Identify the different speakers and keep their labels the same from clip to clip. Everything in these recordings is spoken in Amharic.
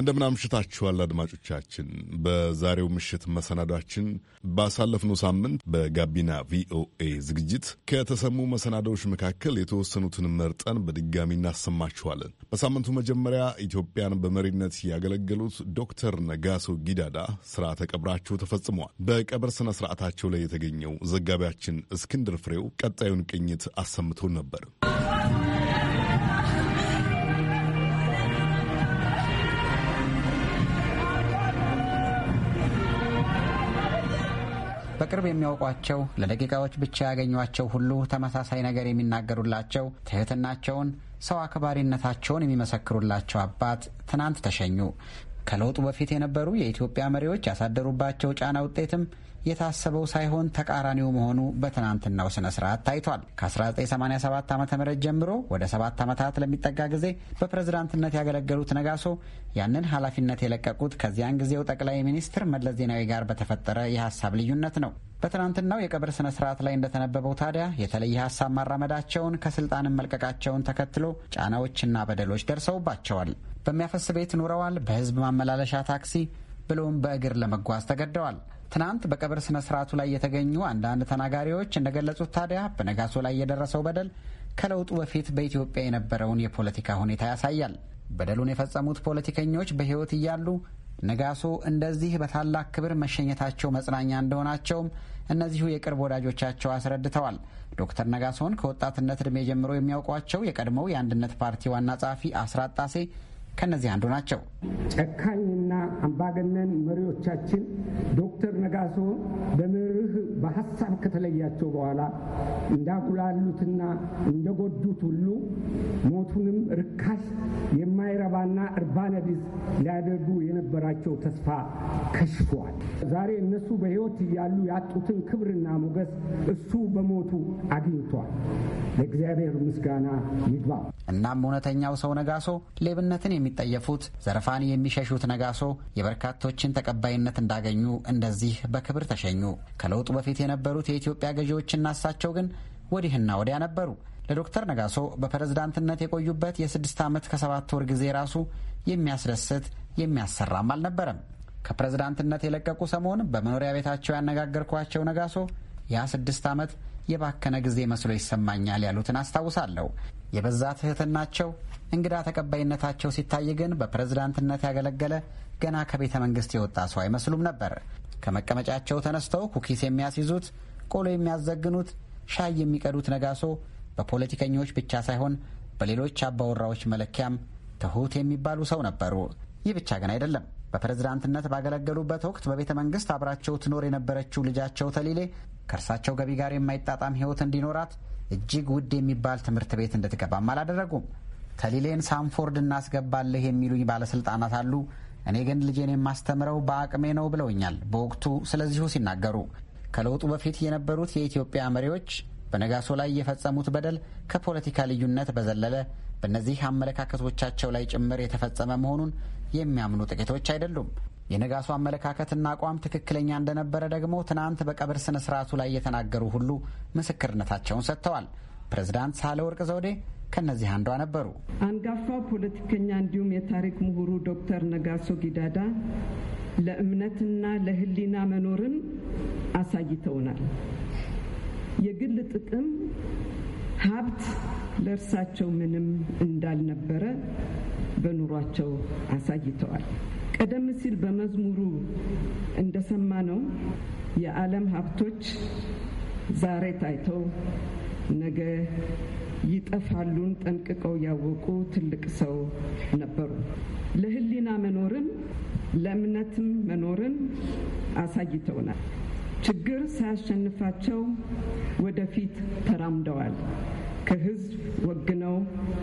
Speaker 1: እንደምን አምሽታችኋል አድማጮቻችን። በዛሬው ምሽት መሰናዷችን ባሳለፍነው ሳምንት በጋቢና ቪኦኤ ዝግጅት ከተሰሙ መሰናዶዎች መካከል የተወሰኑትን መርጠን በድጋሚ እናሰማችኋለን። በሳምንቱ መጀመሪያ ኢትዮጵያን በመሪነት ያገለገሉት ዶክተር ነጋሶ ጊዳዳ ስርዓተ ቀብራቸው ተፈጽመዋል። በቀብር ስነ ስርዓታቸው ላይ የተገኘው ዘጋቢያችን እስክንድር ፍሬው ቀጣዩን ቅኝት አሰምቶ ነበር።
Speaker 2: በቅርብ የሚያውቋቸው ለደቂቃዎች ብቻ ያገኟቸው ሁሉ ተመሳሳይ ነገር የሚናገሩላቸው ትህትናቸውን፣ ሰው አክባሪነታቸውን የሚመሰክሩላቸው አባት ትናንት ተሸኙ። ከለውጡ በፊት የነበሩ የኢትዮጵያ መሪዎች ያሳደሩባቸው ጫና ውጤትም የታሰበው ሳይሆን ተቃራኒው መሆኑ በትናንትናው ስነ ስርዓት ታይቷል። ከ1987 ዓ ም ጀምሮ ወደ ሰባት ዓመታት ለሚጠጋ ጊዜ በፕሬዝዳንትነት ያገለገሉት ነጋሶ ያንን ኃላፊነት የለቀቁት ከዚያን ጊዜው ጠቅላይ ሚኒስትር መለስ ዜናዊ ጋር በተፈጠረ የሀሳብ ልዩነት ነው። በትናንትናው የቀብር ስነ ስርዓት ላይ እንደተነበበው ታዲያ የተለየ ሀሳብ ማራመዳቸውን ከስልጣንም መልቀቃቸውን ተከትሎ ጫናዎችና በደሎች ደርሰውባቸዋል። በሚያፈስ ቤት ኑረዋል። በህዝብ ማመላለሻ ታክሲ ብሎም በእግር ለመጓዝ ተገደዋል። ትናንት በቀብር ስነ ስርዓቱ ላይ የተገኙ አንዳንድ ተናጋሪዎች እንደገለጹት ታዲያ በነጋሶ ላይ የደረሰው በደል ከለውጡ በፊት በኢትዮጵያ የነበረውን የፖለቲካ ሁኔታ ያሳያል። በደሉን የፈጸሙት ፖለቲከኞች በሕይወት እያሉ ነጋሶ እንደዚህ በታላቅ ክብር መሸኘታቸው መጽናኛ እንደሆናቸውም እነዚሁ የቅርብ ወዳጆቻቸው አስረድተዋል። ዶክተር ነጋሶን ከወጣትነት ዕድሜ ጀምሮ የሚያውቋቸው የቀድሞው የአንድነት ፓርቲ ዋና ጸሐፊ አስራት ጣሴ ከነዚህ አንዱ ናቸው። ጨካኝና አምባገነን መሪዎቻችን ዶክተር ነጋሶ በመርህ በሀሳብ ከተለያቸው በኋላ እንዳጉላሉትና እንደጎዱት ሁሉ ሞቱንም ርካሽ የማይረባና እርባነቢስ ሊያደርጉ የነበራቸው ተስፋ ከሽፏል። ዛሬ እነሱ በሕይወት እያሉ ያጡትን ክብርና ሞገስ እሱ በሞቱ አግኝቷል። ለእግዚአብሔር ምስጋና ይግባ። እናም እውነተኛው ሰው ነጋሶ ሌብነትን የሚጠየፉት ዘረፋን የሚሸሹት ነጋሶ የበርካቶችን ተቀባይነት እንዳገኙ እንደዚህ በክብር ተሸኙ። ከለውጡ በፊት የነበሩት የኢትዮጵያ ገዢዎችና እሳቸው ግን ወዲህና ወዲያ ነበሩ። ለዶክተር ነጋሶ በፕሬዝዳንትነት የቆዩበት የስድስት ዓመት ከሰባት ወር ጊዜ ራሱ የሚያስደስት የሚያሰራም አልነበረም። ከፕሬዝዳንትነት የለቀቁ ሰሞን በመኖሪያ ቤታቸው ያነጋገርኳቸው ነጋሶ ያ ስድስት ዓመት የባከነ ጊዜ መስሎ ይሰማኛል ያሉትን አስታውሳለሁ። የበዛ ትህትናቸው፣ እንግዳ ተቀባይነታቸው ሲታይ ግን በፕሬዝዳንትነት ያገለገለ ገና ከቤተ መንግስት የወጣ ሰው አይመስሉም ነበር። ከመቀመጫቸው ተነስተው ኩኪስ የሚያስይዙት፣ ቆሎ የሚያዘግኑት፣ ሻይ የሚቀዱት ነጋሶ በፖለቲከኞች ብቻ ሳይሆን በሌሎች አባወራዎች መለኪያም ትሑት የሚባሉ ሰው ነበሩ። ይህ ብቻ ግን አይደለም። በፕሬዝዳንትነት ባገለገሉበት ወቅት በቤተ መንግስት አብራቸው ትኖር የነበረችው ልጃቸው ተሊሌ ከእርሳቸው ገቢ ጋር የማይጣጣም ህይወት እንዲኖራት እጅግ ውድ የሚባል ትምህርት ቤት እንድትገባም አላደረጉም። ተሊሌን ሳንፎርድ እናስገባለህ የሚሉኝ ባለስልጣናት አሉ። እኔ ግን ልጄን የማስተምረው በአቅሜ ነው ብለውኛል በወቅቱ ስለዚሁ ሲናገሩ። ከለውጡ በፊት የነበሩት የኢትዮጵያ መሪዎች በነጋሶ ላይ የፈጸሙት በደል ከፖለቲካ ልዩነት በዘለለ በእነዚህ አመለካከቶቻቸው ላይ ጭምር የተፈጸመ መሆኑን የሚያምኑ ጥቂቶች አይደሉም። የነጋሶ አመለካከትና አቋም ትክክለኛ እንደነበረ ደግሞ ትናንት በቀብር ስነ ስርዓቱ ላይ የተናገሩ ሁሉ ምስክርነታቸውን ሰጥተዋል። ፕሬዝዳንት ወርቅ ዘውዴ ከእነዚህ አንዷ ነበሩ።
Speaker 3: አንጋፋ ፖለቲከኛ እንዲሁም የታሪክ ምሁሩ ዶክተር ነጋሶ ጊዳዳ ለእምነትና ለሕሊና መኖርን አሳይተውናል። የግል ጥቅም፣ ሀብት ለእርሳቸው ምንም እንዳልነበረ በኑሯቸው አሳይተዋል። ቀደም ሲል በመዝሙሩ እንደሰማነው የዓለም ሀብቶች ዛሬ ታይተው ነገ ይጠፋሉን ጠንቅቀው ያወቁ ትልቅ ሰው ነበሩ። ለሕሊና መኖርን ለእምነትም መኖርን አሳይተውናል። ችግር ሳያሸንፋቸው ወደፊት ተራምደዋል።
Speaker 2: ከህዝብ ወግነው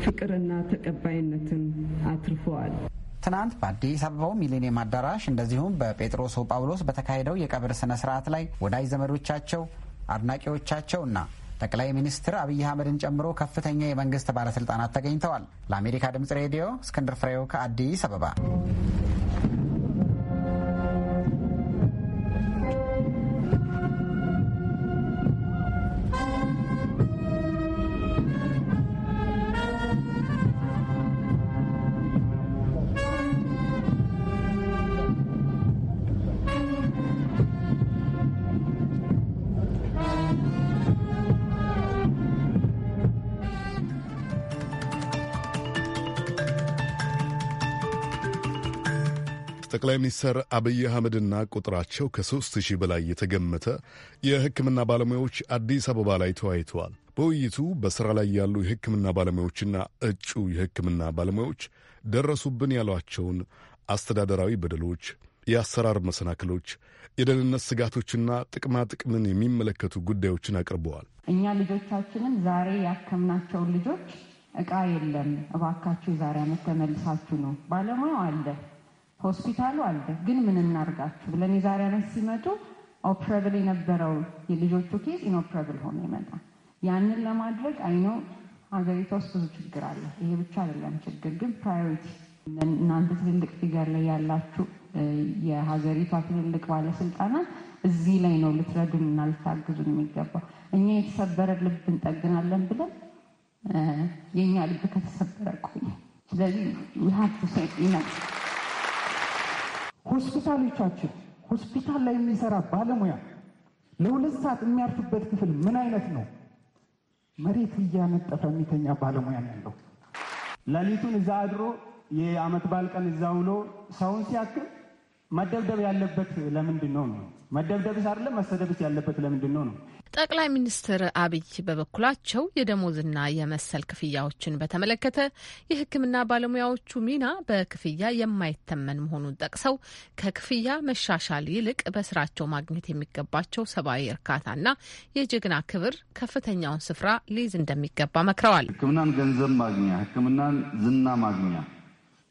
Speaker 2: ፍቅርና ተቀባይነትን አትርፈዋል። ትናንት በአዲስ አበባው ሚሌኒየም አዳራሽ እንደዚሁም በጴጥሮስ ጳውሎስ በተካሄደው የቀብር ስነ ስርዓት ላይ ወዳጅ ዘመዶቻቸው፣ አድናቂዎቻቸው እና ጠቅላይ ሚኒስትር አብይ አህመድን ጨምሮ ከፍተኛ የመንግስት ባለስልጣናት ተገኝተዋል። ለአሜሪካ ድምጽ ሬዲዮ እስክንድር ፍሬው ከአዲስ አበባ
Speaker 1: ጠቅላይ ሚኒስትር አብይ አህመድና ቁጥራቸው ከሦስት ሺህ በላይ የተገመተ የሕክምና ባለሙያዎች አዲስ አበባ ላይ ተወያይተዋል። በውይይቱ በሥራ ላይ ያሉ የሕክምና ባለሙያዎችና እጩ የሕክምና ባለሙያዎች ደረሱብን ያሏቸውን አስተዳደራዊ በደሎች፣ የአሰራር መሰናክሎች፣ የደህንነት ስጋቶችና ጥቅማ ጥቅምን የሚመለከቱ ጉዳዮችን አቅርበዋል።
Speaker 3: እኛ ልጆቻችንን ዛሬ ያከምናቸውን ልጆች እቃ የለም እባካችሁ ዛሬ አመት ተመልሳችሁ ነው ባለሙያው አለ ሆስፒታሉ አለ፣ ግን ምን እናርጋችሁ ብለን የዛሬ ዓመት ሲመጡ ኦፕረብል የነበረው የልጆቹ ኬዝ ኢንኦፕረብል ሆኖ ይመጣ። ያንን ለማድረግ አይኖ ሀገሪቷ ውስጥ ብዙ ችግር አለ። ይሄ ብቻ አይደለም ችግር፣ ግን ፕራዮሪቲ እናንተ ትልልቅ ፊገር ላይ ያላችሁ የሀገሪቷ ትልልቅ ባለስልጣናት እዚህ ላይ ነው ልትረዱን እና ልታግዙን የሚገባው። እኛ የተሰበረ ልብ እንጠግናለን ብለን የእኛ ልብ ከተሰበረ ቆይ። ስለዚህ ሀቱ ሴ
Speaker 2: ሆስፒታሎቻችን ሆስፒታል ላይ የሚሰራ ባለሙያ ለሁለት ሰዓት የሚያርፍበት ክፍል ምን አይነት ነው? መሬት
Speaker 4: እያነጠፈ የሚተኛ ባለሙያ ያለው። ለሊቱን እዛ አድሮ የአመት በዓል ቀን እዛ ውሎ ሰውን ሲያክል መደብደብ ያለበት ለምንድን ነው ነው? መደብደብስ አይደለም መሰደብስ ያለበት ለምንድን ነው ነው?
Speaker 5: ጠቅላይ ሚኒስትር አብይ በበኩላቸው የደሞዝና የመሰል ክፍያዎችን በተመለከተ የሕክምና ባለሙያዎቹ ሚና በክፍያ የማይተመን መሆኑን ጠቅሰው ከክፍያ መሻሻል ይልቅ በስራቸው ማግኘት የሚገባቸው ሰብአዊ እርካታና የጀግና ክብር ከፍተኛውን ስፍራ ሊይዝ
Speaker 6: እንደሚገባ መክረዋል። ሕክምናን ገንዘብ ማግኛ፣ ሕክምናን ዝና ማግኛ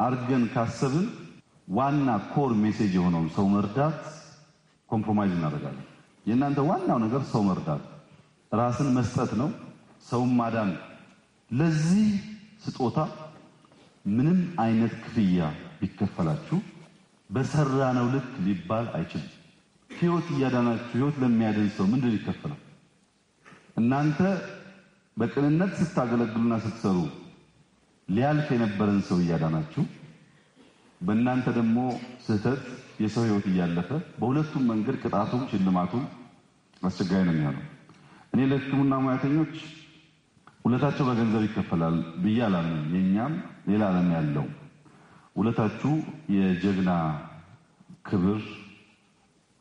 Speaker 6: አድርገን ካሰብን ዋና ኮር ሜሴጅ የሆነውን ሰው መርዳት ኮምፕሮማይዝ እናደርጋለን። የእናንተ ዋናው ነገር ሰው መርዳት፣ ራስን መስጠት ነው፣ ሰውን ማዳን ለዚህ ስጦታ ምንም አይነት ክፍያ ቢከፈላችሁ በሰራ ነው ልክ ሊባል አይችልም። ህይወት እያዳናችሁ ህይወት ለሚያድን ሰው ምንድን ይከፈላል? እናንተ በቅንነት ስታገለግሉና ስትሰሩ ሊያልፍ የነበረን ሰው እያዳናችሁ በእናንተ ደግሞ ስህተት የሰው ህይወት እያለፈ በሁለቱም መንገድ ቅጣቱም ሽልማቱም አስቸጋሪ ነው የሚሆነው። እኔ ለህክምና ሙያተኞች ውለታቸው በገንዘብ ይከፈላል ብዬ አላምንም። የእኛም ሌላ ዓለም ያለው ውለታችሁ የጀግና ክብር፣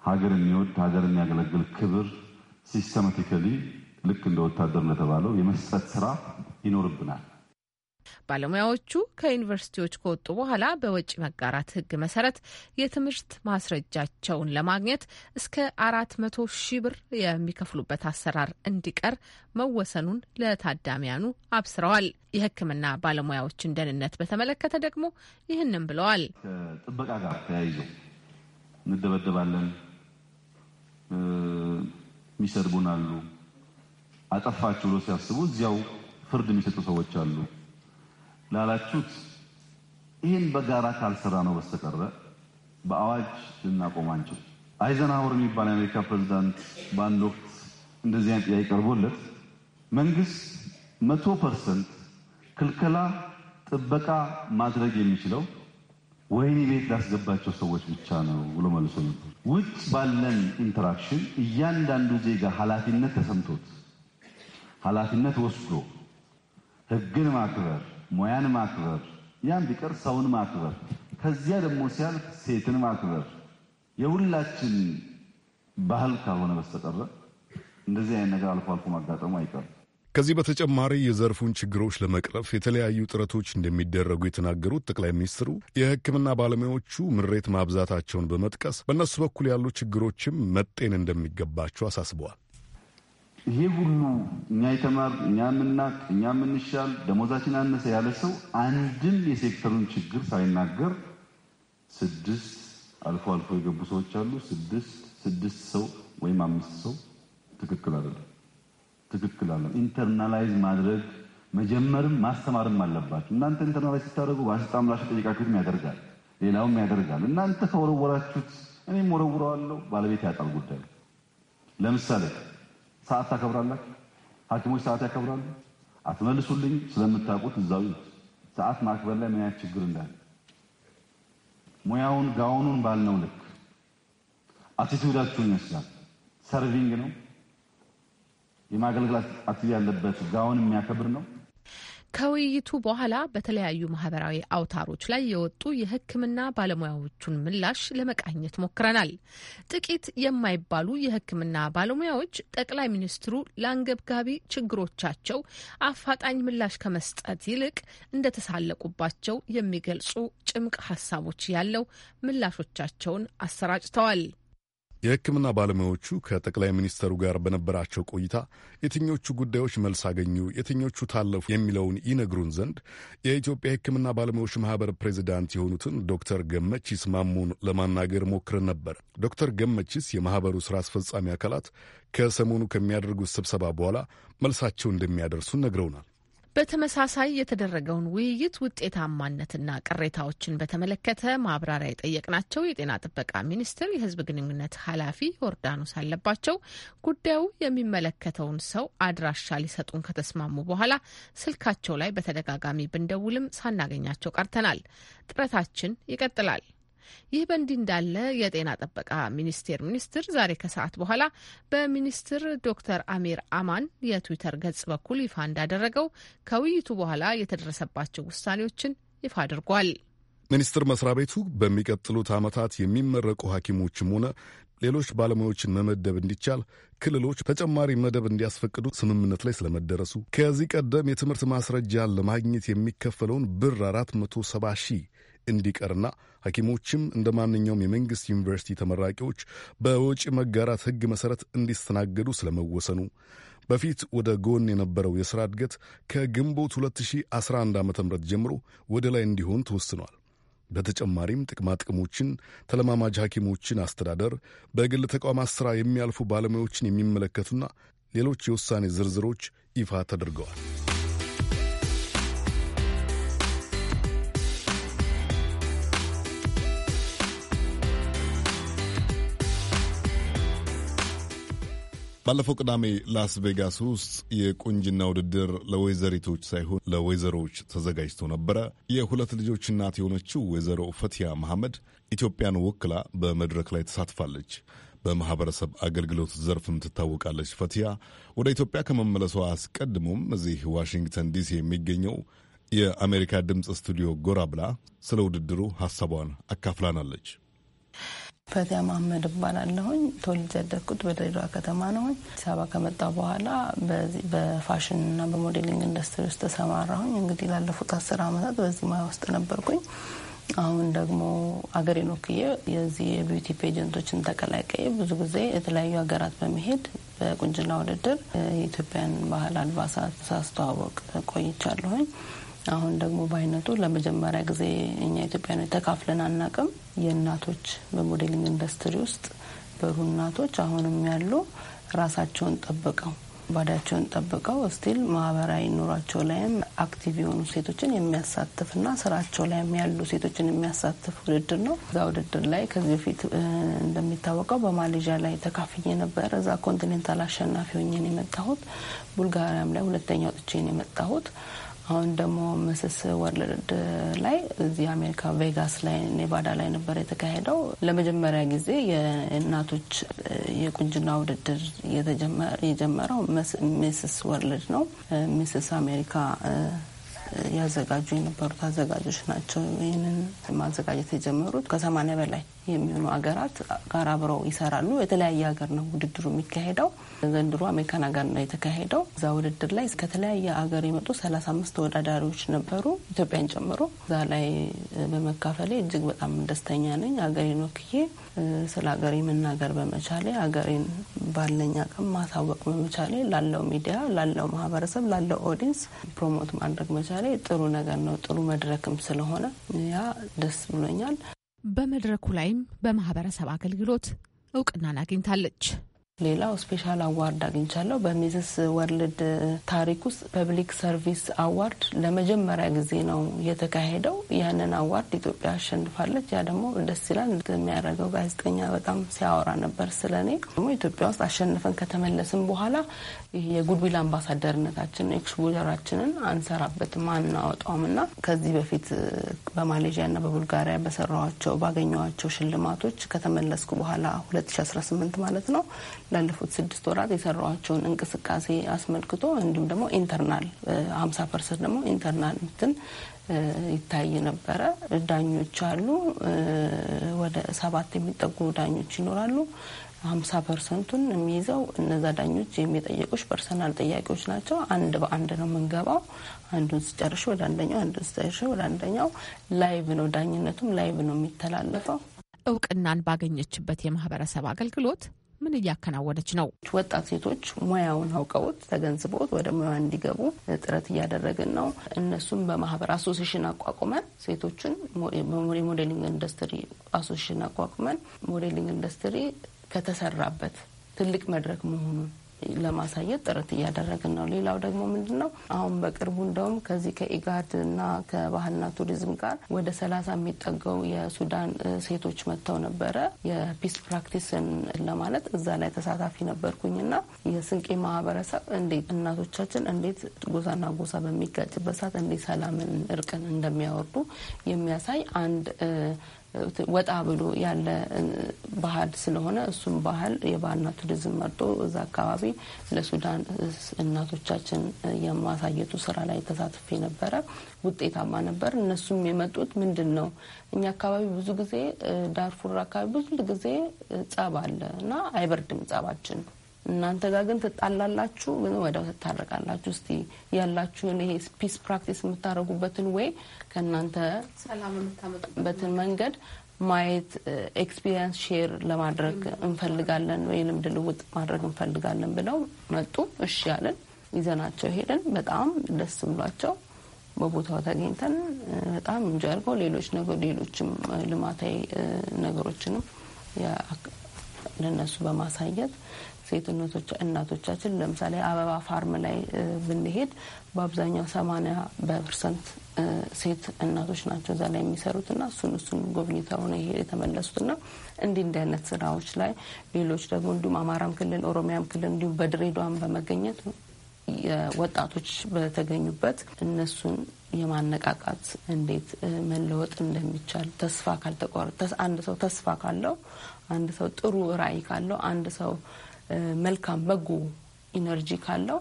Speaker 6: ሀገር የሚወድ ሀገር የሚያገለግል ክብር ሲስተማቲካሊ ልክ እንደ ወታደር ለተባለው የመስጠት ስራ ይኖርብናል።
Speaker 5: ባለሙያዎቹ ከዩኒቨርሲቲዎች ከወጡ በኋላ በወጪ መጋራት ህግ መሰረት የትምህርት ማስረጃቸውን ለማግኘት እስከ አራት መቶ ሺህ ብር የሚከፍሉበት አሰራር እንዲቀር መወሰኑን ለታዳሚያኑ አብስረዋል። የህክምና ባለሙያዎችን ደህንነት በተመለከተ ደግሞ ይህንን
Speaker 6: ብለዋል። ከጥበቃ ጋር ተያይዞ እንደበደባለን፣ የሚሰድቡን አሉ። አጠፋችሁ ብሎ ሲያስቡ እዚያው ፍርድ የሚሰጡ ሰዎች አሉ። ላላችሁት ይህን በጋራ ካልሰራ ነው በስተቀረ በአዋጅ ልናቆም አንችል። አይዘንሃወር የሚባል የአሜሪካ ፕሬዚዳንት በአንድ ወቅት እንደዚህ አይነት ጥያቄ ቀርቦለት መንግስት መቶ ፐርሰንት ክልከላ ጥበቃ ማድረግ የሚችለው ወህኒ ቤት ላስገባቸው ሰዎች ብቻ ነው ብሎ መልሶ ነበር። ውጭ ባለን ኢንተራክሽን እያንዳንዱ ዜጋ ኃላፊነት ተሰምቶት ኃላፊነት ወስዶ ህግን ማክበር ሙያን ማክበር፣ ያም ቢቀር ሰውን ማክበር፣ ከዚያ ደግሞ ሲያልፍ ሴትን ማክበር የሁላችን ባህል ካልሆነ በስተቀረ እንደዚህ አይነት ነገር አልፎ አልፎ ማጋጠሙ አይቀርም።
Speaker 1: ከዚህ በተጨማሪ የዘርፉን ችግሮች ለመቅረፍ የተለያዩ ጥረቶች እንደሚደረጉ የተናገሩት ጠቅላይ ሚኒስትሩ የሕክምና ባለሙያዎቹ ምሬት ማብዛታቸውን በመጥቀስ በእነሱ በኩል ያሉ ችግሮችም መጤን እንደሚገባቸው አሳስበዋል።
Speaker 6: ይሄ ሁሉ እኛ የተማር እኛ የምናቅ እኛ የምንሻል ደሞዛችን አነሰ ያለ ሰው አንድም የሴክተሩን ችግር ሳይናገር ስድስት አልፎ አልፎ የገቡ ሰዎች አሉ። ስድስት ስድስት ሰው ወይም አምስት ሰው ትክክል አይደለም፣ ትክክል አይደለም። ኢንተርናላይዝ ማድረግ መጀመርም ማስተማርም አለባቸው። እናንተ ኢንተርናላይዝ ስታደርጉ በአስጣም ላሽ ጠይቃችሁትም ያደርጋል፣ ሌላውም ያደርጋል። እናንተ ከወረወራችሁት እኔም ወረውረዋለሁ። ባለቤት ያጣል ጉዳይ ለምሳሌ ሰዓት ታከብራላችሁ፣ ሐኪሞች ሰዓት ያከብራሉ። አትመልሱልኝ ስለምታውቁት እዛው ሰዓት ማክበር ላይ ምን ያህል ችግር እንዳለ ሙያውን ጋውኑን ባልነው ልክ አቲቲዩዳችሁን ይመስላል። ሰርቪንግ ነው የማገልግል አቲቲዩድ ያለበት ጋውን የሚያከብር ነው።
Speaker 5: ከውይይቱ በኋላ በተለያዩ ማህበራዊ አውታሮች ላይ የወጡ የሕክምና ባለሙያዎቹን ምላሽ ለመቃኘት ሞክረናል። ጥቂት የማይባሉ የሕክምና ባለሙያዎች ጠቅላይ ሚኒስትሩ ለአንገብጋቢ ችግሮቻቸው አፋጣኝ ምላሽ ከመስጠት ይልቅ እንደተሳለቁባቸው የሚገልጹ ጭምቅ ሀሳቦች ያለው ምላሾቻቸውን አሰራጭተዋል።
Speaker 1: የሕክምና ባለሙያዎቹ ከጠቅላይ ሚኒስተሩ ጋር በነበራቸው ቆይታ የትኞቹ ጉዳዮች መልስ አገኙ፣ የትኞቹ ታለፉ የሚለውን ይነግሩን ዘንድ የኢትዮጵያ የሕክምና ባለሙያዎች ማህበር ፕሬዚዳንት የሆኑትን ዶክተር ገመቺስ ማሙን ለማናገር ሞክረን ነበር። ዶክተር ገመቺስ የማህበሩ ስራ አስፈጻሚ አካላት ከሰሞኑ ከሚያደርጉት ስብሰባ በኋላ መልሳቸው እንደሚያደርሱ ነግረውናል።
Speaker 5: በተመሳሳይ የተደረገውን ውይይት ውጤታማነትና ቅሬታዎችን በተመለከተ ማብራሪያ የጠየቅናቸው የጤና ጥበቃ ሚኒስቴር የሕዝብ ግንኙነት ኃላፊ ዮርዳኖስ አለባቸው ጉዳዩ የሚመለከተውን ሰው አድራሻ ሊሰጡን ከተስማሙ በኋላ ስልካቸው ላይ በተደጋጋሚ ብንደውልም ሳናገኛቸው ቀርተናል። ጥረታችን ይቀጥላል። ይህ በእንዲህ እንዳለ የጤና ጥበቃ ሚኒስቴር ሚኒስትር ዛሬ ከሰዓት በኋላ በሚኒስትር ዶክተር አሚር አማን የትዊተር ገጽ በኩል ይፋ እንዳደረገው ከውይይቱ በኋላ የተደረሰባቸው ውሳኔዎችን ይፋ አድርጓል።
Speaker 1: ሚኒስትር መስሪያ ቤቱ በሚቀጥሉት ዓመታት የሚመረቁ ሐኪሞችም ሆነ ሌሎች ባለሙያዎችን መመደብ እንዲቻል ክልሎች ተጨማሪ መደብ እንዲያስፈቅዱ ስምምነት ላይ ስለመደረሱ ከዚህ ቀደም የትምህርት ማስረጃ ለማግኘት የሚከፈለውን ብር 470 ሺህ እንዲቀርና ሐኪሞችም እንደ ማንኛውም የመንግሥት ዩኒቨርሲቲ ተመራቂዎች በወጪ መጋራት ሕግ መሠረት እንዲስተናገዱ ስለመወሰኑ በፊት ወደ ጎን የነበረው የሥራ እድገት ከግንቦት 2011 ዓ ም ጀምሮ ወደ ላይ እንዲሆን ተወስኗል። በተጨማሪም ጥቅማጥቅሞችን፣ ተለማማጅ ሐኪሞችን አስተዳደር፣ በግል ተቋማት ሥራ የሚያልፉ ባለሙያዎችን የሚመለከቱና ሌሎች የውሳኔ ዝርዝሮች ይፋ ተደርገዋል። ባለፈው ቅዳሜ ላስ ቬጋስ ውስጥ የቁንጅና ውድድር ለወይዘሪቶች ሳይሆን ለወይዘሮዎች ተዘጋጅቶ ነበረ። የሁለት ልጆች እናት የሆነችው ወይዘሮ ፈቲያ መሐመድ ኢትዮጵያን ወክላ በመድረክ ላይ ተሳትፋለች። በማህበረሰብ አገልግሎት ዘርፍም ትታወቃለች። ፈቲያ ወደ ኢትዮጵያ ከመመለሷ አስቀድሞም እዚህ ዋሽንግተን ዲሲ የሚገኘው የአሜሪካ ድምፅ ስቱዲዮ ጎራ ብላ ስለ ውድድሩ ሀሳቧን አካፍላናለች።
Speaker 3: ፈቲያ ማህመድ እባላለሁኝ። ተወልጄ ያደግኩት በድሬዳዋ ከተማ ነሆኝ። አዲስ አበባ ከመጣ በኋላ በፋሽን በፋሽንና በሞዴሊንግ ኢንዱስትሪ ውስጥ ተሰማራሁኝ። እንግዲህ ላለፉት አስር አመታት በዚህ ሙያ ውስጥ ነበርኩኝ። አሁን ደግሞ አገሬን ወክዬ የዚህ የቢዩቲ ፔጀንቶችን ተቀላቀይ ብዙ ጊዜ የተለያዩ ሀገራት በመሄድ በቁንጅና ውድድር የኢትዮጵያን ባህል አልባሳት ሳስተዋወቅ ቆይቻለሁኝ። አሁን ደግሞ በአይነቱ ለመጀመሪያ ጊዜ እኛ ኢትዮጵያን ተካፍለን አናቅም የእናቶች በሞዴሊንግ ኢንዱስትሪ ውስጥ በሩ እናቶች አሁንም ያሉ ራሳቸውን ጠብቀው ባዳቸውን ጠብቀው ስቲል ማህበራዊ ኑሯቸው ላይም አክቲቭ የሆኑ ሴቶችን የሚያሳትፍና ስራቸው ላይም ያሉ ሴቶችን የሚያሳትፍ ውድድር ነው። እዛ ውድድር ላይ ከዚህ በፊት እንደሚታወቀው በማሌዥያ ላይ ተካፍዬ ነበር። እዛ ኮንቲኔንታል አሸናፊ ሆኜ ነው የመጣሁት። ቡልጋሪያም ላይ ሁለተኛ ወጥቼ ነው የመጣሁት። አሁን ደግሞ ምስስ ወርልድ ላይ እዚህ አሜሪካ ቬጋስ ላይ ኔቫዳ ላይ ነበር የተካሄደው። ለመጀመሪያ ጊዜ የእናቶች የቁንጅና ውድድር የጀመረው ሚስስ ወርልድ ነው። ሚስስ አሜሪካ ያዘጋጁ የነበሩት አዘጋጆች ናቸው። ይህንን ማዘጋጀት የጀመሩት ከሰማኒያ በላይ የሚሆኑ ሀገራት ጋር አብረው ይሰራሉ። የተለያየ ሀገር ነው ውድድሩ የሚካሄደው። ዘንድሮ አሜሪካን ሀገር ነው የተካሄደው። እዛ ውድድር ላይ ከተለያየ ሀገር የመጡ ሰላሳ አምስት ተወዳዳሪዎች ነበሩ ኢትዮጵያን ጨምሮ። እዛ ላይ በመካፈሌ እጅግ በጣም ደስተኛ ነኝ። ሀገሬን ወክዬ ስለ ሀገሬ መናገር በመቻሌ ሀገሬን ባለኝ አቅም ማሳወቅ በመቻሌ ላለው ሚዲያ፣ ላለው ማህበረሰብ፣ ላለው ኦዲንስ ፕሮሞት ማድረግ መቻሌ ጥሩ ነገር ነው። ጥሩ መድረክም ስለሆነ ያ ደስ ብሎኛል።
Speaker 5: በመድረኩ ላይም በማህበረሰብ አገልግሎት እውቅናን አግኝታለች።
Speaker 3: ሌላው ስፔሻል አዋርድ አግኝቻለሁ። በሚዝስ ወርልድ ታሪክ ውስጥ ፐብሊክ ሰርቪስ አዋርድ ለመጀመሪያ ጊዜ ነው የተካሄደው። ያንን አዋርድ ኢትዮጵያ አሸንፋለች። ያ ደግሞ ደስ ይላል። የሚያደርገው ጋዜጠኛ በጣም ሲያወራ ነበር ስለ እኔ። ደግሞ ኢትዮጵያ ውስጥ አሸንፈን ከተመለስን በኋላ የጉድቢል አምባሳደርነታችን ኤክስፖዘራችንን አንሰራበትም፣ አናወጣውም እና ከዚህ በፊት በማሌዥያና በቡልጋሪያ በሰራቸው ባገኘዋቸው ሽልማቶች ከተመለስኩ በኋላ 2018 ማለት ነው ላለፉት ስድስት ወራት የሰራዋቸውን እንቅስቃሴ አስመልክቶ እንዲሁም ደግሞ ኢንተርናል ሀምሳ ፐርሰንት ደግሞ ኢንተርናል ምትን ይታይ ነበረ። ዳኞች አሉ፣ ወደ ሰባት የሚጠጉ ዳኞች ይኖራሉ። ሀምሳ ፐርሰንቱን የሚይዘው እነዛ ዳኞች የሚጠየቁች ፐርሰናል ጥያቄዎች ናቸው። አንድ በአንድ ነው የምንገባው። አንዱን ስጨርሽ ወደ አንደኛው፣ አንዱን ስጨርሽ ወደ አንደኛው። ላይቭ ነው ዳኝነቱም ላይቭ ነው የሚተላለፈው። እውቅናን ባገኘችበት የማህበረሰብ አገልግሎት ምን እያከናወነች ነው? ወጣት ሴቶች ሙያውን አውቀውት ተገንዝበውት ወደ ሙያ እንዲገቡ ጥረት እያደረግን ነው። እነሱም በማህበር አሶሴሽን አቋቁመን ሴቶችን የሞዴሊንግ ኢንዱስትሪ አሶሴሽን አቋቁመን ሞዴሊንግ ኢንዱስትሪ ከተሰራበት ትልቅ መድረክ መሆኑን ለማሳየት ጥረት እያደረግን ነው። ሌላው ደግሞ ምንድን ነው አሁን በቅርቡ እንደውም ከዚህ ከኢጋድ እና ከባህልና ቱሪዝም ጋር ወደ ሰላሳ የሚጠገው የሱዳን ሴቶች መጥተው ነበረ የፒስ ፕራክቲስን ለማለት እዛ ላይ ተሳታፊ ነበርኩኝና የስንቄ ማህበረሰብ እንዴት እናቶቻችን እንዴት ጎሳና ጎሳ በሚጋጭበት ሰዓት እንዴት ሰላምን፣ እርቅን እንደሚያወርዱ የሚያሳይ አንድ ወጣ ብሎ ያለ ባህል ስለሆነ እሱም ባህል የባህልና ቱሪዝም መርጦ እዛ አካባቢ ለሱዳን እናቶቻችን የማሳየቱ ስራ ላይ ተሳትፌ ነበረ። ውጤታማ ነበር። እነሱም የመጡት ምንድን ነው እኛ አካባቢ ብዙ ጊዜ ዳርፉር አካባቢ ብዙ ጊዜ ጸብ አለ እና አይበርድም ጸባችን እናንተ ጋር ግን ትጣላላችሁ፣ ግን ወዲያው ትታረቃላችሁ። እስቲ ያላችሁን ይሄ ፒስ ፕራክቲስ የምታደርጉበትን ወይ ከእናንተ
Speaker 5: ሰላም የምታመጡበትን
Speaker 3: መንገድ ማየት ኤክስፒሪንስ uh, ሼር ለማድረግ እንፈልጋለን ወይ ልምድ ልውጥ ማድረግ እንፈልጋለን ብለው መጡ። እሺ ያለን ይዘናቸው ሄደን በጣም ደስ ብሏቸው በቦታው ተገኝተን uh, በጣም እንጂ አድርገው ሌሎች ነገር ሌሎችም uh, ልማታዊ ነገሮችንም ለእነሱ በማሳየት ሴትነቶች እናቶቻችን ለምሳሌ አበባ ፋርም ላይ ብንሄድ በአብዛኛው ሰማኒያ በፐርሰንት ሴት እናቶች ናቸው እዛ ላይ የሚሰሩት ና እሱን እሱን ጎብኝተው ነው የተመለሱት ና እንዲህ እንዲህ አይነት ስራዎች ላይ ሌሎች ደግሞ እንዲሁም አማራም ክልል ኦሮሚያም ክልል እንዲሁም በድሬዳዋም በመገኘት ወጣቶች በተገኙበት እነሱን የማነቃቃት እንዴት መለወጥ እንደሚቻል ተስፋ ካልተቆረ አንድ ሰው ተስፋ ካለው አንድ ሰው ጥሩ ራዕይ ካለው አንድ ሰው መልካም በጎ ኢነርጂ ካለው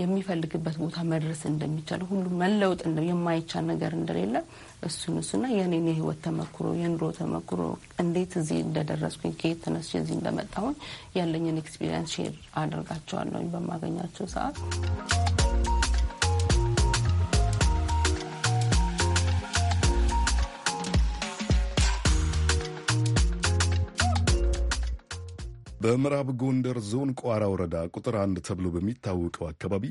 Speaker 3: የሚፈልግበት ቦታ መድረስ እንደሚቻል ሁሉ እንደ የማይቻል ነገር እንደሌለ እሱን እሱና የኔን የህይወት ተመክሮ የኑሮ ተመክሮ እንዴት እዚህ እንደደረስኩኝ ከየት ተነስቼ እዚህ እንደመጣሁኝ ያለኝን ኤክስፒሪንስ ሼር አደርጋቸዋለሁኝ በማገኛቸው ሰዓት
Speaker 1: በምዕራብ ጎንደር ዞን ቋራ ወረዳ ቁጥር አንድ ተብሎ በሚታወቀው አካባቢ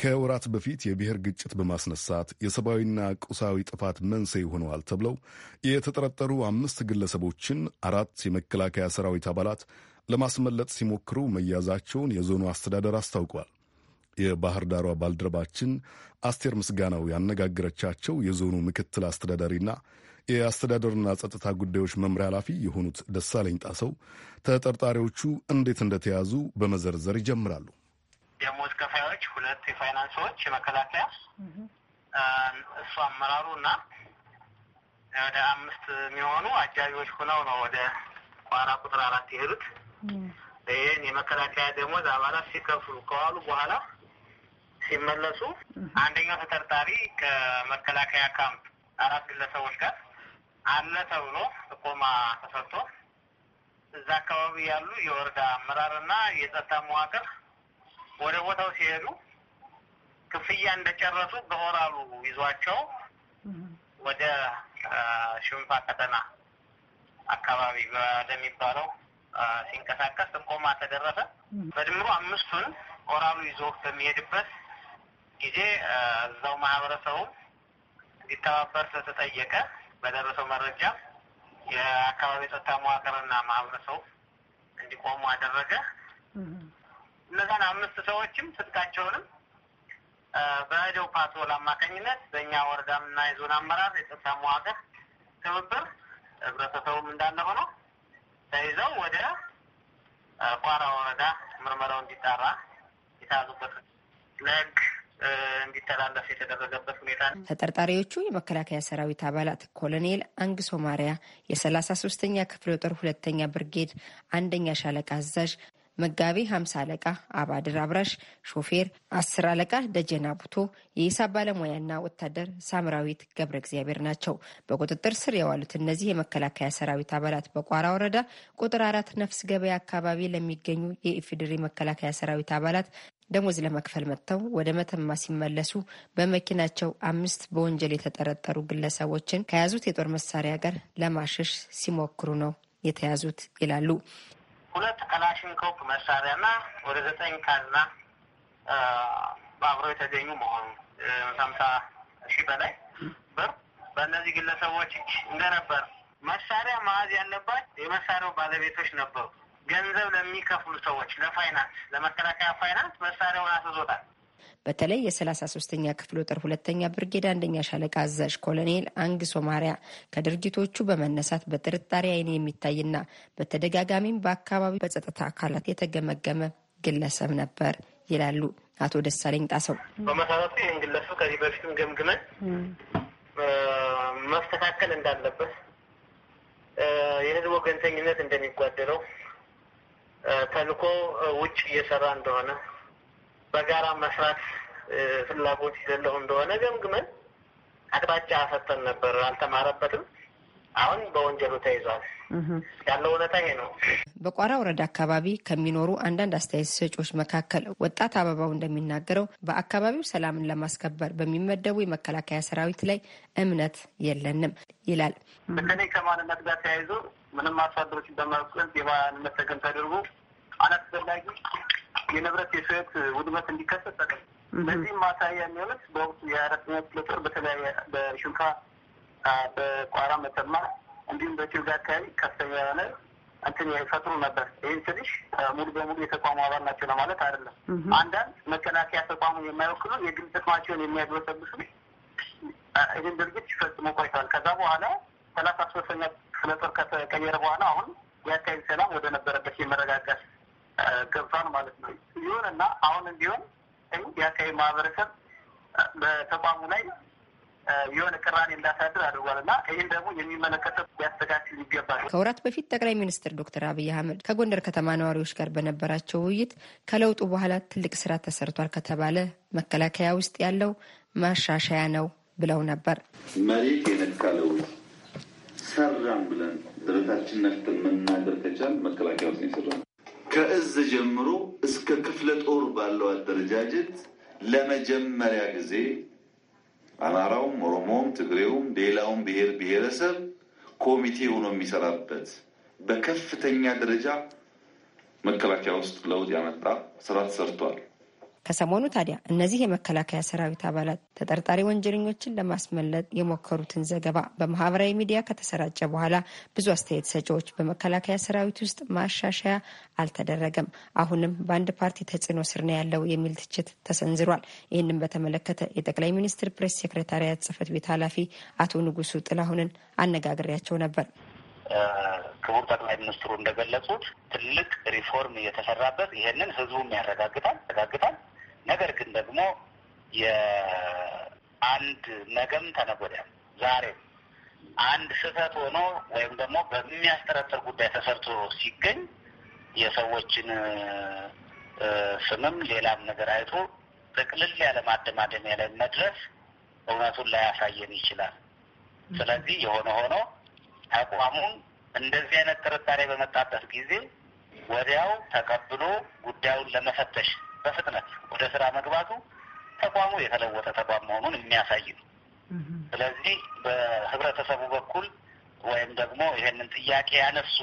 Speaker 1: ከወራት በፊት የብሔር ግጭት በማስነሳት የሰብአዊና ቁሳዊ ጥፋት መንስኤ ሆነዋል ተብለው የተጠረጠሩ አምስት ግለሰቦችን አራት የመከላከያ ሰራዊት አባላት ለማስመለጥ ሲሞክሩ መያዛቸውን የዞኑ አስተዳደር አስታውቋል። የባህር ዳሯ ባልደረባችን አስቴር ምስጋናው ያነጋገረቻቸው የዞኑ ምክትል አስተዳዳሪና የአስተዳደርና ጸጥታ ጉዳዮች መምሪያ ኃላፊ የሆኑት ደሳለኝ ጣሰው ተጠርጣሪዎቹ እንዴት እንደተያዙ በመዘርዘር ይጀምራሉ።
Speaker 7: ደሞዝ ከፋዮች ሁለት የፋይናንሶች የመከላከያ እሱ አመራሩ እና ወደ አምስት የሚሆኑ አጃቢዎች ሆነው ነው ወደ ቋራ ቁጥር አራት የሄዱት። ይህን የመከላከያ ደሞዝ አባላት ሲከፍሉ ከዋሉ በኋላ ሲመለሱ አንደኛው ተጠርጣሪ ከመከላከያ ካምፕ አራት ግለሰቦች ጋር አለ ተብሎ ጥቆማ ተሰጥቶ እዛ አካባቢ ያሉ የወረዳ አመራርና የጸጥታ መዋቅር ወደ ቦታው ሲሄዱ ክፍያ እንደጨረሱ በኦራሉ ይዟቸው ወደ ሽንፋ ቀጠና አካባቢ ወደሚባለው ሲንቀሳቀስ ጥቆማ ተደረሰ። በድምሩ አምስቱን ኦራሉ ይዞ በሚሄድበት ጊዜ እዛው ማህበረሰቡ እንዲተባበር ስለተጠየቀ በደረሰው መረጃ የአካባቢ ጸጥታ መዋቅርና ማህበረሰቡ እንዲቆሙ አደረገ። እነዛን አምስት ሰዎችም ስጥቃቸውንም በህደው ፓትሮል አማካኝነት በእኛ ወረዳምና የዞን አመራር የጸጥታ መዋቅር ትብብር ህብረተሰቡም እንዳለ ሆኖ ተይዘው ወደ ቋራ ወረዳ ምርመራው እንዲጣራ የታዙበት ለህግ እንዲተላለፍ የተደረገበት
Speaker 8: ሁኔታ ነው። ተጠርጣሪዎቹ የመከላከያ ሰራዊት አባላት ኮሎኔል አንግሶ ማሪያ የሰላሳ ሶስተኛ ክፍለ ጦር ሁለተኛ ብርጌድ አንደኛ ሻለቃ አዛዥ መጋቢ ሀምሳ አለቃ አባድር አብራሽ፣ ሾፌር አስር አለቃ ደጀና ቡቶ፣ የሂሳብ ባለሙያና ወታደር ሳምራዊት ገብረ እግዚአብሔር ናቸው። በቁጥጥር ስር የዋሉት እነዚህ የመከላከያ ሰራዊት አባላት በቋራ ወረዳ ቁጥር አራት ነፍስ ገበያ አካባቢ ለሚገኙ የኢፌዴሪ መከላከያ ሰራዊት አባላት ደሞዝ ለመክፈል መጥተው ወደ መተማ ሲመለሱ በመኪናቸው አምስት በወንጀል የተጠረጠሩ ግለሰቦችን ከያዙት የጦር መሳሪያ ጋር ለማሸሽ ሲሞክሩ ነው የተያዙት ይላሉ። ሁለት
Speaker 7: ከላሽንኮፕ መሳሪያና ወደ ዘጠኝ ካዝና በአብሮ የተገኙ መሆኑ ሃምሳ ሺህ በላይ ብር በእነዚህ ግለሰቦች እንደነበር መሳሪያ መያዝ ያለባት የመሳሪያው ባለቤቶች ነበሩ። ገንዘብ ለሚከፍሉ
Speaker 8: ሰዎች ለፋይናንስ ለመከላከያ ፋይናንስ መሳሪያውን አስዞታል። በተለይ የሰላሳ ሶስተኛ ክፍል ጦር ሁለተኛ ብርጌድ አንደኛ ሻለቃ አዛዥ ኮሎኔል አንግሶ ማሪያ ከድርጊቶቹ በመነሳት በጥርጣሬ አይን የሚታይና በተደጋጋሚም በአካባቢው በጸጥታ አካላት የተገመገመ ግለሰብ ነበር ይላሉ አቶ ደሳለኝ ጣሰው።
Speaker 7: በመሰረቱ ይህን ግለሰብ ከዚህ በፊትም ገምግመን መስተካከል እንዳለበት የህዝብ ወገንተኝነት እንደሚጓደለው ተልኮ ውጭ እየሰራ እንደሆነ በጋራ መስራት ፍላጎት የሌለው እንደሆነ ገምግመን አቅጣጫ አሰጠን ነበር። አልተማረበትም። አሁን በወንጀሉ ተይዟል።
Speaker 8: ያለው እውነታ ይሄ ነው። በቋራ ወረዳ አካባቢ ከሚኖሩ አንዳንድ አስተያየት ሰጪዎች መካከል ወጣት አበባው እንደሚናገረው በአካባቢው ሰላምን ለማስከበር በሚመደቡ የመከላከያ ሰራዊት ላይ እምነት የለንም ይላል። በተለይ ከማንነት
Speaker 7: ጋር ተያይዞ ምንም አርሶ አደሮችን በማስቀንት የማንነት ተገን ተደርጎ አላስፈላጊ የንብረት የስህተት ውድመት እንዲከሰት ጠቅም በዚህም ማሳያ የሚሆኑት በወቅቱ የአራተኛ ክፍለ ጦር በተለያየ በሽንፋ በቋራ መተማ እንዲሁም በጭልጋ አካባቢ ከፍተኛ የሆነ እንትን ይፈጥሩ ነበር። ይህን ስልሽ ሙሉ በሙሉ የተቋሙ አባል ናቸው ለማለት አይደለም። አንዳንድ መከላከያ ተቋሙ የማይወክሉ የግል ጥቅማቸውን የሚያግበሰብሱ ይህን ድርጊት ሲፈጽሙ ቆይተዋል። ከዛ በኋላ ሰላሳ ሶስተኛ ክፍለ ጦር ከተቀየረ በኋላ አሁን የአካባቢ ሰላም ወደ ነበረበት የመረጋጋት ገብቷል ማለት ነው። ይሁን እና አሁን ቢሆን የአካባቢ ማህበረሰብ በተቋሙ ላይ የሆነ ቅራኔ እንዳሳድር አድርጓል እና ይህም ደግሞ የሚመለከተው ሊያስተካክል
Speaker 8: ይገባል። ከወራት በፊት ጠቅላይ ሚኒስትር ዶክተር አብይ አህመድ ከጎንደር ከተማ ነዋሪዎች ጋር በነበራቸው ውይይት ከለውጡ በኋላ ትልቅ ስራ ተሰርቷል ከተባለ መከላከያ ውስጥ ያለው ማሻሻያ ነው ብለው ነበር።
Speaker 6: መሬት የነካ ለውጥ ሰራም ብለን ድረታችን ነፍጥ መናገር ከቻል መከላከያ ውስጥ የሰራ ከእዝ ጀምሮ እስከ ክፍለ ጦር ባለው አደረጃጀት ለመጀመሪያ ጊዜ አማራውም፣ ኦሮሞውም፣ ትግሬውም ሌላውም ብሔር ብሔረሰብ ኮሚቴ ሆኖ የሚሰራበት በከፍተኛ ደረጃ መከላከያ ውስጥ ለውጥ ያመጣ ስራ ተሰርቷል።
Speaker 8: ከሰሞኑ ታዲያ እነዚህ የመከላከያ ሰራዊት አባላት ተጠርጣሪ ወንጀለኞችን ለማስመለጥ የሞከሩትን ዘገባ በማህበራዊ ሚዲያ ከተሰራጨ በኋላ ብዙ አስተያየት ሰጪዎች በመከላከያ ሰራዊት ውስጥ ማሻሻያ አልተደረገም፣ አሁንም በአንድ ፓርቲ ተጽዕኖ ስር ነው ያለው የሚል ትችት ተሰንዝሯል። ይህንም በተመለከተ የጠቅላይ ሚኒስትር ፕሬስ ሴክሬታሪያት ጽህፈት ቤት ኃላፊ አቶ ንጉሱ ጥላሁንን አነጋግሬያቸው ነበር።
Speaker 7: ክቡር ጠቅላይ ሚኒስትሩ እንደገለጹት ትልቅ ሪፎርም እየተሰራበት ይሄንን ህዝቡም ያረጋግጣል ያረጋግጣል ነገር ግን ደግሞ የአንድ ነገም ተነጎዳም ዛሬም አንድ ስህተት ሆኖ ወይም ደግሞ በሚያስጠረጥር ጉዳይ ተሰርቶ ሲገኝ የሰዎችን ስምም ሌላም ነገር አይቶ ጥቅልል ያለ ማደማደሚያ ላይ መድረስ እውነቱን ላያሳየን ይችላል። ስለዚህ የሆነ ሆኖ አቋሙን እንደዚህ አይነት ጥርጣሬ በመጣበት ጊዜ ወዲያው ተቀብሎ ጉዳዩን ለመፈተሽ በፍጥነት ወደ ስራ መግባቱ ተቋሙ የተለወጠ ተቋም መሆኑን የሚያሳይ ነው። ስለዚህ በህብረተሰቡ በኩል ወይም ደግሞ ይሄንን ጥያቄ ያነሱ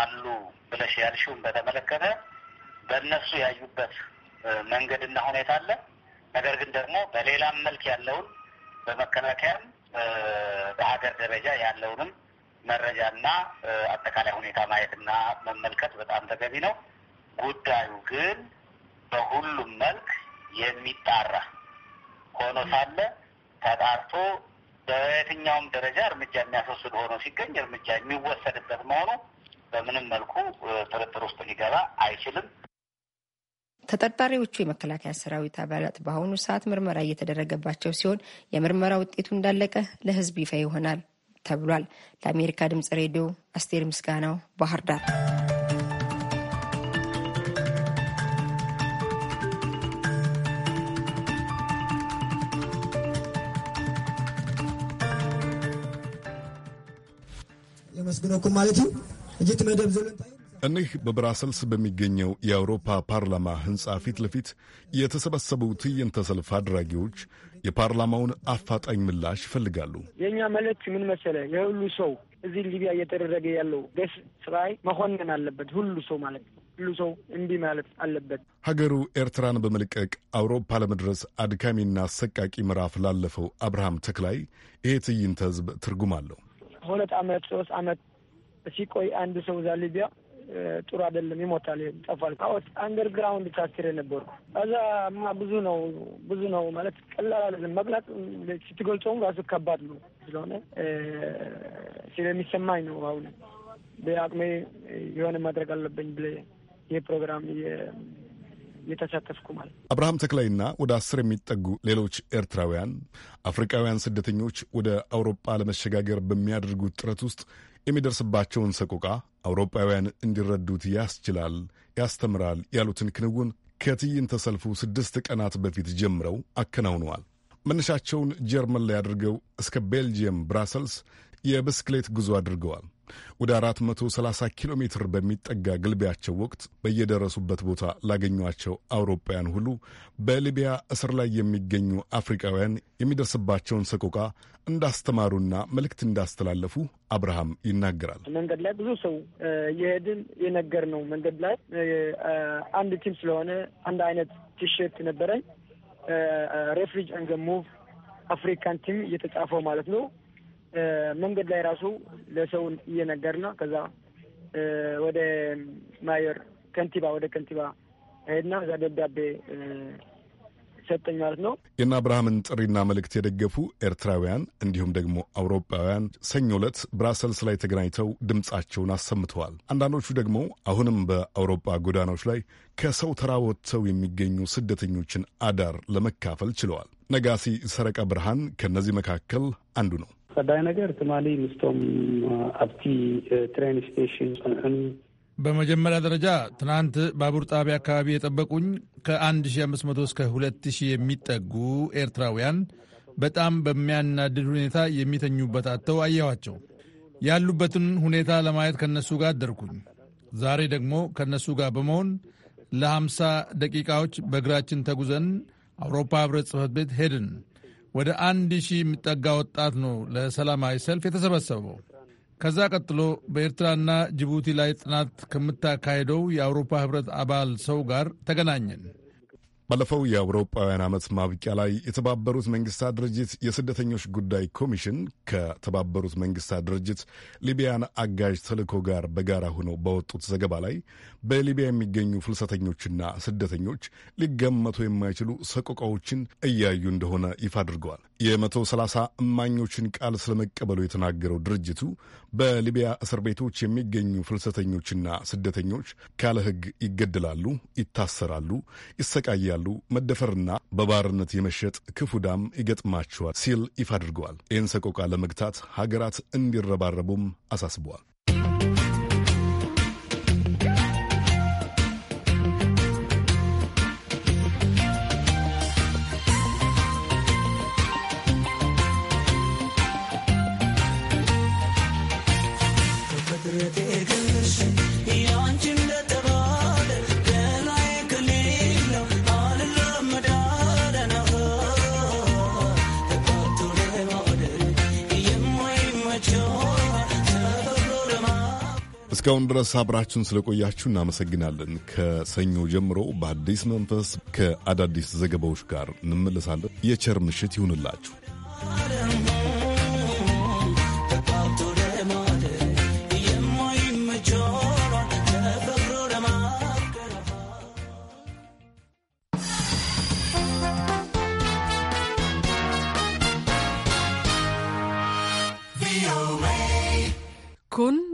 Speaker 7: አሉ ብለሽ ያልሽውን በተመለከተ በእነሱ ያዩበት መንገድና ሁኔታ አለ። ነገር ግን ደግሞ በሌላም መልክ ያለውን በመከላከያም በሀገር ደረጃ ያለውንም መረጃና አጠቃላይ ሁኔታ ማየትና መመልከት በጣም ተገቢ ነው። ጉዳዩ ግን በሁሉም መልክ የሚጣራ ሆኖ ሳለ ተጣርቶ በየትኛውም ደረጃ እርምጃ የሚያስወስድ ሆኖ ሲገኝ እርምጃ የሚወሰድበት መሆኑ በምንም መልኩ ጥርጥር ውስጥ ሊገባ አይችልም።
Speaker 8: ተጠርጣሪዎቹ የመከላከያ ሰራዊት አባላት በአሁኑ ሰዓት ምርመራ እየተደረገባቸው ሲሆን የምርመራ ውጤቱ እንዳለቀ ለሕዝብ ይፋ ይሆናል ተብሏል። ለአሜሪካ ድምጽ ሬዲዮ አስቴር ምስጋናው ባህር ዳር
Speaker 4: አመስግኖኩም ማለት እጅት መደብ ዘሎ
Speaker 1: እኒህ በብራሰልስ በሚገኘው የአውሮፓ ፓርላማ ሕንፃ ፊት ለፊት የተሰበሰቡ ትዕይንተ ሰልፍ አድራጊዎች የፓርላማውን አፋጣኝ ምላሽ ይፈልጋሉ።
Speaker 4: የእኛ መልእክት ምን መሰለ? የሁሉ ሰው እዚህ ሊቢያ እየተደረገ ያለው ደስ ስራይ መኮንን አለበት። ሁሉ ሰው ማለት ነው። ሁሉ ሰው እንዲህ ማለት
Speaker 1: አለበት። ሀገሩ ኤርትራን በመልቀቅ አውሮፓ ለመድረስ አድካሚና አሰቃቂ ምዕራፍ ላለፈው አብርሃም ተክላይ ይሄ ትዕይንተ ህዝብ ትርጉም አለው።
Speaker 4: ሁለት አመት ሶስት አመት ሲቆይ አንድ ሰው እዛ ሊቢያ ጥሩ አይደለም፣ ይሞታል፣ ይጠፋል። አዎት አንደርግራውንድ ታስር የነበርኩ እዛ ማ ብዙ ነው ብዙ ነው ማለት ቀላል አይደለም። መቅላት ስትገልጾም ራሱ ከባድ ነው ስለሆነ ስለሚሰማኝ ነው አሁን በአቅሜ የሆነ ማድረግ አለብኝ ብለ ይህ ፕሮግራም የተሳተፍኩ ማለት ነው።
Speaker 1: አብርሃም ተክላይና ወደ አስር የሚጠጉ ሌሎች ኤርትራውያን አፍሪካውያን ስደተኞች ወደ አውሮፓ ለመሸጋገር በሚያደርጉት ጥረት ውስጥ የሚደርስባቸውን ሰቆቃ አውሮፓውያን እንዲረዱት ያስችላል፣ ያስተምራል ያሉትን ክንውን ከትዕይንተ ሰልፉ ስድስት ቀናት በፊት ጀምረው አከናውነዋል። መነሻቸውን ጀርመን ላይ አድርገው እስከ ቤልጅየም ብራሰልስ የብስክሌት ጉዞ አድርገዋል። ወደ 430 ኪሎ ሜትር በሚጠጋ ግልቢያቸው ወቅት በየደረሱበት ቦታ ላገኟቸው አውሮፓውያን ሁሉ በሊቢያ እስር ላይ የሚገኙ አፍሪካውያን የሚደርስባቸውን ሰቆቃ እንዳስተማሩና መልእክት እንዳስተላለፉ አብርሃም ይናገራል።
Speaker 4: መንገድ ላይ ብዙ ሰው የሄድን የነገር ነው። መንገድ ላይ አንድ ቲም ስለሆነ አንድ አይነት ቲሸርት ነበረኝ ሬፍሪጅ አንገሙ አፍሪካን ቲም እየተጻፈው ማለት ነው መንገድ ላይ ራሱ ለሰውን እየነገርና ከዛ ወደ ማየር ከንቲባ ወደ ከንቲባ ሄድና እዛ ደብዳቤ ሰጠኝ ማለት ነው።
Speaker 1: የና አብርሃምን ጥሪና መልእክት የደገፉ ኤርትራውያን እንዲሁም ደግሞ አውሮፓውያን ሰኞ ዕለት ብራሰልስ ላይ ተገናኝተው ድምፃቸውን አሰምተዋል። አንዳንዶቹ ደግሞ አሁንም በአውሮፓ ጎዳናዎች ላይ ከሰው ተራ ወጥተው የሚገኙ ስደተኞችን አዳር ለመካፈል ችለዋል። ነጋሲ ሰረቀ ብርሃን ከእነዚህ መካከል አንዱ ነው።
Speaker 4: ቀዳይ ነገር ትማሊ ምስቶም ኣብቲ ትሬን ስቴሽን
Speaker 1: በመጀመሪያ ደረጃ ትናንት ባቡር
Speaker 6: ጣቢያ አካባቢ የጠበቁኝ ከ1500 እስከ 2000 የሚጠጉ ኤርትራውያን በጣም በሚያናድድ ሁኔታ የሚተኙበት አጥተው አየኋቸው። ያሉበትን ሁኔታ ለማየት ከነሱ ጋር አደርኩኝ። ዛሬ ደግሞ ከነሱ ጋር በመሆን ለ50 ደቂቃዎች በእግራችን ተጉዘን አውሮፓ ህብረት ጽሕፈት ቤት ሄድን። ወደ አንድ ሺህ የሚጠጋ ወጣት ነው ለሰላማዊ ሰልፍ የተሰበሰበው። ከዛ ቀጥሎ በኤርትራና ጅቡቲ ላይ ጥናት ከምታካሄደው የአውሮፓ ህብረት አባል ሰው ጋር
Speaker 1: ተገናኘን። ባለፈው የአውሮፓውያን ዓመት ማብቂያ ላይ የተባበሩት መንግስታት ድርጅት የስደተኞች ጉዳይ ኮሚሽን ከተባበሩት መንግስታት ድርጅት ሊቢያን አጋዥ ተልእኮ ጋር በጋራ ሆነው ባወጡት ዘገባ ላይ በሊቢያ የሚገኙ ፍልሰተኞችና ስደተኞች ሊገመቱ የማይችሉ ሰቆቃዎችን እያዩ እንደሆነ ይፋ አድርገዋል። የመቶ ሰላሳ እማኞችን ቃል ስለመቀበሉ የተናገረው ድርጅቱ በሊቢያ እስር ቤቶች የሚገኙ ፍልሰተኞችና ስደተኞች ካለ ሕግ ይገደላሉ፣ ይታሰራሉ፣ ይሰቃያሉ እያሉ መደፈርና በባርነት የመሸጥ ክፉ ዳም ይገጥማቸዋል ሲል ይፋ አድርገዋል። ይህን ሰቆቃ ለመግታት ሀገራት እንዲረባረቡም አሳስበዋል። እስካሁን ድረስ አብራችሁን ስለቆያችሁ እናመሰግናለን። ከሰኞ ጀምሮ በአዲስ መንፈስ ከአዳዲስ ዘገባዎች ጋር እንመለሳለን። የቸር ምሽት ይሁንላችሁ።